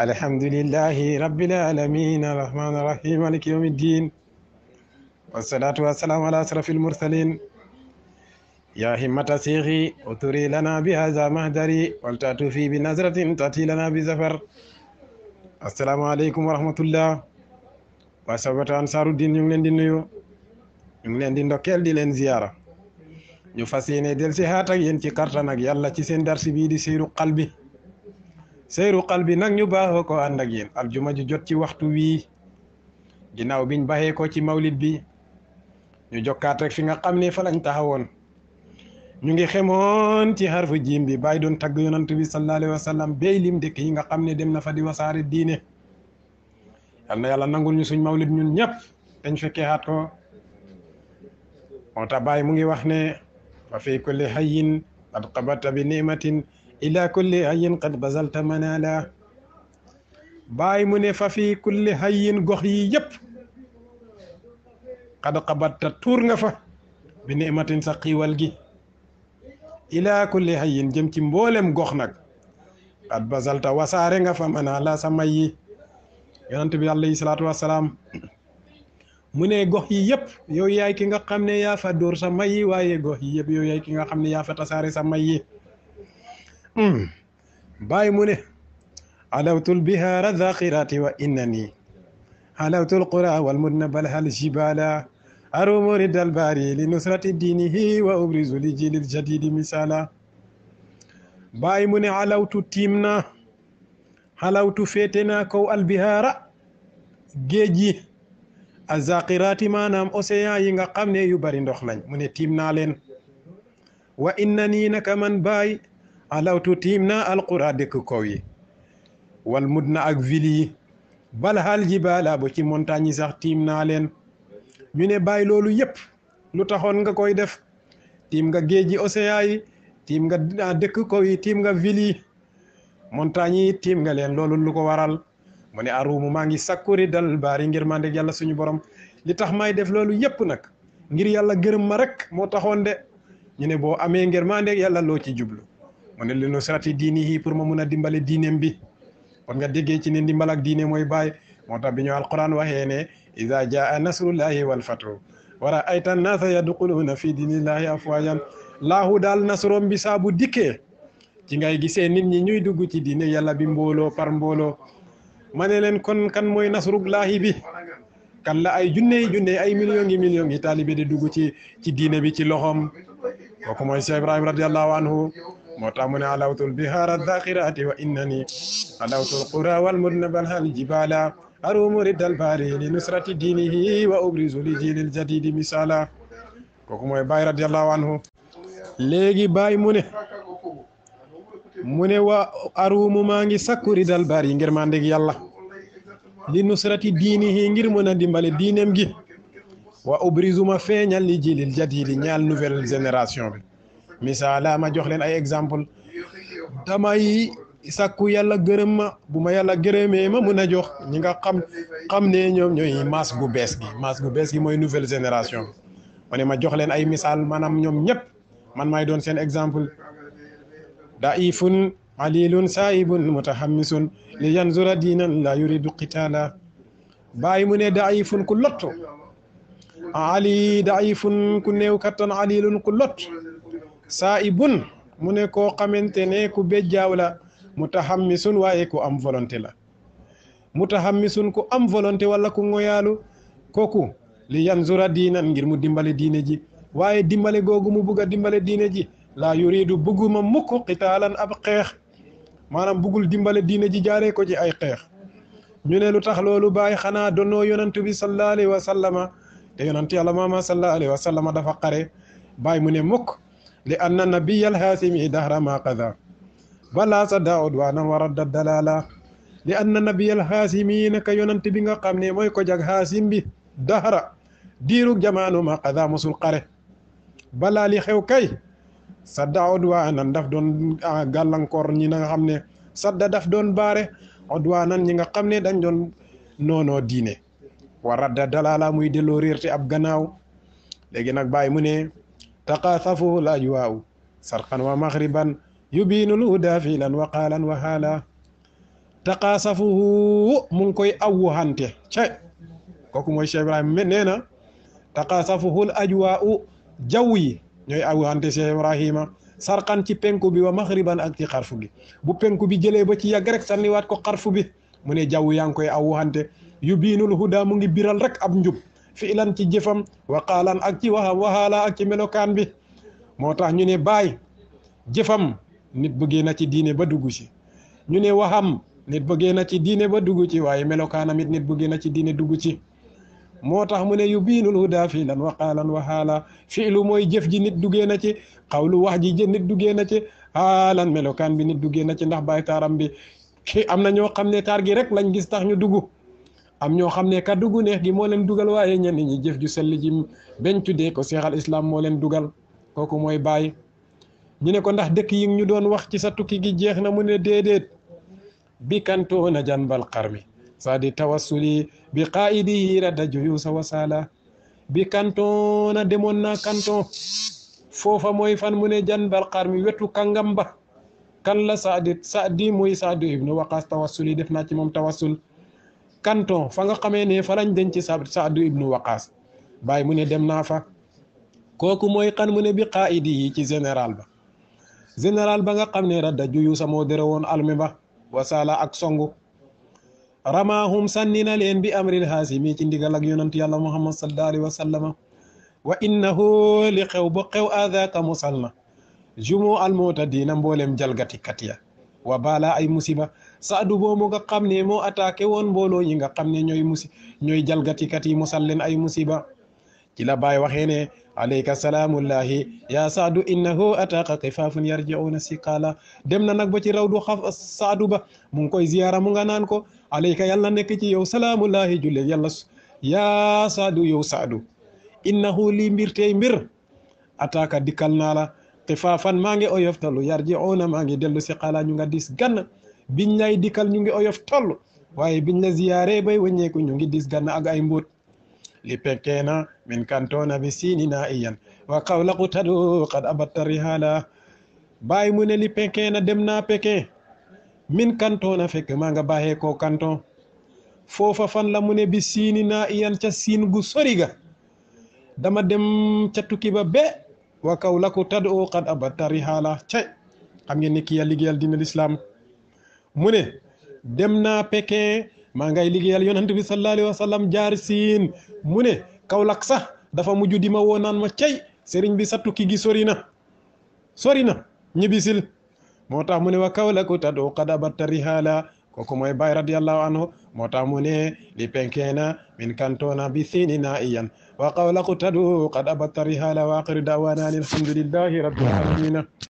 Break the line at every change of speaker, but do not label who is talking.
الحمد لله رب العالمين الرحمن الرحيم مالك يوم الدين والصلاة والسلام على أشرف المرسلين يا همة سيخي أتري لنا بهذا مهدري ولتأتفي بنظرة تأتي لنا بزفر السلام عليكم ورحمة الله وسبت أنصار الدين يملن دين نيو يملن دين دوكيل دي لين زيارة ñu fas yéene ينتي si يالا تسين درسي بيدي سيرو قلبي seyru qalbi nag ñu baaxoo ko ànd ak yéen aljuma ji jot ci waxtu wii ginnaaw biñ baxee ko ci mawlid bi ñu jokkaat rek fi nga xam ne fa lañ taxawoon ñu ngi xemoon ci xarfu jiim bi bàyyi doon tagg yonantu bi sallallahu alayhi yi nga xam ne dem na fa di wasaare diine yal na yàlla nangul ñu suñ mawlid ñun ñëpp dañ fekkee xaat ko moo tax bàyyi mu ngi wax ne wa fi kulli hayyin qad qabata bi nimatin إلى كل هي قد بذلت منالا baay mu ne fa fii kulli hayyin gox yi yëpp xad xabatta tuur nga fa bi nimatin sa xiiwal gi ilaa kulli hayyin jëm ci mboolem gox nag xad basalta wasaare nga fa manaa la sa may yi yonent bi alayhi salaatu wasalaam mu ne gox yi yëpp yow yaay ki nga xam ne yaa fa dóor sa may yi waaye gox yi yëpp yow yaay ki nga xam ne yaa fa tasaare sa may yi Hmm. bàyyi mu ne alawtul bihaara zaqirati wa innani alawtul qura wal mudna bal hal jibala arumu riddal baari li nusrati diinihi wa ubrizu li jadidi misala bàyyi mu ne alawtu tiim naa alawtu féete naa kow albihaara géej yi azaqiraati maanaam océan yi nga xam ne yu bari ndox lañ mu ne tiim naa leen wa inna nii naka baay alaw tuutiim na alqura dëkk kaw yi wal mud na ak ville yi bal xaal jibaala ba ci montagne yi sax tiim naa leen ñu ne bàyyi loolu yëpp lu taxoon nga koy def tiim nga géej gi océan yi tiim nga dëkk kaw yi tiim nga ville yi yi tiim nga leen loolu lu ko waral mu ne aruumu maa ngi sakkuri dal baari ngir mandeg yàlla suñu borom li tax may def loolu yëpp nag ngir yàlla gërëm ma rek moo taxoon de ñu ne boo amee ngir mandeg yàlla loo ci jublu mu ne li nusrati diinihi pour ma mun a dimbale diineem bi kon nga déggee ci ne ndimbal ak diine mooy baay moo tax bi ñu alquran waxee ne iza jaa nasrullahi wal fatu wa raayta annaasa yadxuluuna fi diinillahi afwaajan laahu daal nasroom bi saa bu dikkee ci ngay gisee nit ñi ñuy dugg ci diine yàlla bi mbooloo par mbooloo ma ne leen kon kan mooy nasrullahi bi kan la ay junne yi junne ay millions yi millions yi taalibe di dugg ci ci diine bi ci loxoom kooku mooy Cheikh Ibrahim متامنا علوت البهار الذاخرات وإنني علوت القرى والمرنبها الجبال أروم رد الباري لنصرة دينه وأبرز لجيل الجديد مثالا كوكو باي رضي الله عنه لغي باي موني موني و أروم مانجي سكو رد الباري انجر ماندك يالله لنصرة دينه انجر مونا ديمبال دينم جي وأبرز ما فين لجيل الجديد نيال نوفل جنراسيون misaala ma jox leen ay exemple damay sàkku yalla gërëm ma bu ma yàlla gërëmee ma mën a jox ñi nga xam xam ne ñoom ñooy masse gu bees gi masse bees gi mooy nouvelle génération ma ma jox leen ay misaal maanaam ñoom ñëpp man maay doon seen exemple daifun alilun saibun mutahamisun li yanzura diinan la yuridu qitaala bàyyi mu ne daifun ku lotto ali daifun ku néew kattan alilun ku lott saa ibun mu ne koo xamante ne ku béjjaaw la mutahammisun waaye ku am volonté la mu mutahammisun ku am volonté wala ku ngoyaalu kooku li yanzura diinan ngir mu dimbale diine ji waaye dimbale googu mu bugg a dimbale diine ji laa yuridu bugguma mukk qitaalan ab xeex maanaam buggul dimbale diine ji jaare ko ci ay xeex ñu ne lu tax loolu bàyyi xanaa donnoo yonant bi sallallahu alayhi wa sallama te yonant yàlla maama sallallahu alayhi wa dafa xare bàyyi mu ne mukk li anna nabiya alhaasimi dahra ma qada bala sa daa udwaanan wa radda dalala li anna nabiya alhaasimi naka yonant bi nga xam ne mooy ko jag haasim bi dahra diirug jamaanu ma qada mosul xare balaa li xew kay sadda udwaanan daf doon gàllankoor ñi nga xam ne sadda daf doon baare udwaanan ñi nga xam ne dañ doon noonoo diine wa radda dalala muy delloo réer ab gannaaw léegi nag bàyyi mu ne تقاثفه لا يواء شرقا ومغربا يبين الهدى فيلا وقالا وهالا تقاصفه من كوي أو هانتي شيء كوكو موي شيخ إبراهيم من نينا تقاصفه الأجواء جوي ñoy aw hante cheikh ibrahima Sarkan ci penku bi anti maghriban ak bi bu penku bi jëlee ba ci yàgg rek sànniwaat ko xarfu bi mu ne jaww yaa ngi koy aw hante yu huda mu ngi rek ab fiilan ci jëfam waqaalan ak ci waxa waxaala ak ci melokaan bi moo tax ñu ne baay jëfam nit bëggee na ci diine ba dugg ci ñu ne waxam nit bëggee na ci diine ba dugg ci waaye melokaanam it nit bëggee na ci diine dugg ci moo tax mu ne yu biinul huda fiilan waqaalan waxaala fiilu mooy jëf ji nit duggee na ci xawlu wax ji nit duggee na ci xaalan melokaan bi nit duggee na ci ndax baay taaram bi am na ñoo xam ne taar gi rek lañ gis tax ñu dugg am ñoo xam ne kaddu gu neex gi moo leen dugal waaye ñenn ñi jëf ju sell ji bañ tuddee ko seexal islam moo leen dugal kooku mooy bàyyi ñu ne ko ndax dëkk yi ñu doon wax ci sa tukki gi jeex na mu ne déedéet bi kantoona janbal xarmi di tawassuli bi qaaidihi radda juyusa wasala bi na demoon naa kanton foofa mooy fan mu ne janbal xarmi wetu kangam ba kan la saadi saadi mooy saadi ibnu waqas tawassuli def naa ci moom tawassul canton fa nga xamé ne fa lañ denc saadu ibnu waqas bay mu ne dem na fa koku moy xan mu ne bi qaidi ci général ba général ba nga xamné ne radda juyu mo dere won almi ba wasaala ak songu ramahum sannina len bi amril hasimi ci ndigal ak yonent yàlla muhammad sallallahu alaihi wa wa innahu liqaw xew ba xew jumu al na jumu jalgati mboolem wa bala ay musiba saadu boo nga xam ne moo attaqué woon mbooloo yi nga xam ne ñooy musi ñooy jalgatikat yi musal leen ay musiba ci la baay waxee ne alayka salaamullahi yaa saadu innahu ataqa qifaafun si siqaala dem na nag ba ci raw du xaf saadu ba mu ngi koy ziyaara mu nga naan ko alayka yàlla nekk ci yow salaamullahi julle yàlla yaa saadu yow saadu innahu li mbir tey mbir ataaka dikkal naa te faafan maa ngi oyof tollu yar ji maa ngi dellu si xaalaa ñu nga dis gann biñ lay dikkal ñu ngi oyof toll waaye biñ la ziyaare bay wëññeeku ñu ngi dis gann ak ay mbóot li pekkeena min kantoona bi siini naa iyan wa qawla qutadu qad abatta rihala baay mu ne li pekkeena dem naa pekke min kantoona fekk maa nga baaxee koo foofa fan la mu ne bi siini na iyan ca siin gu sori ga dama dem ca tukki ba be wa kaw laku tadoo xad abatta rihaala cay xam ngeen ni kii liggéeyal dina lislaam mu ne dem naa Pékin maa ngay liggéeyal yonent bi sallallahu alayhi wa sallam jaar siin mu ne Kaolack sax dafa mujj di ma woo naan ma cay sëriñ bi sa tukki gi sori na sori na ñibbisil moo tax mu ne wa kaw laku tadoo xad abatta rihaala koko moy bay radiyallahu anhu mota mune li penkena min kantona bi sinina iyan wa qawla qutadu qad abatta rihala wa aqir dawana alhamdulillahi rabbil alamin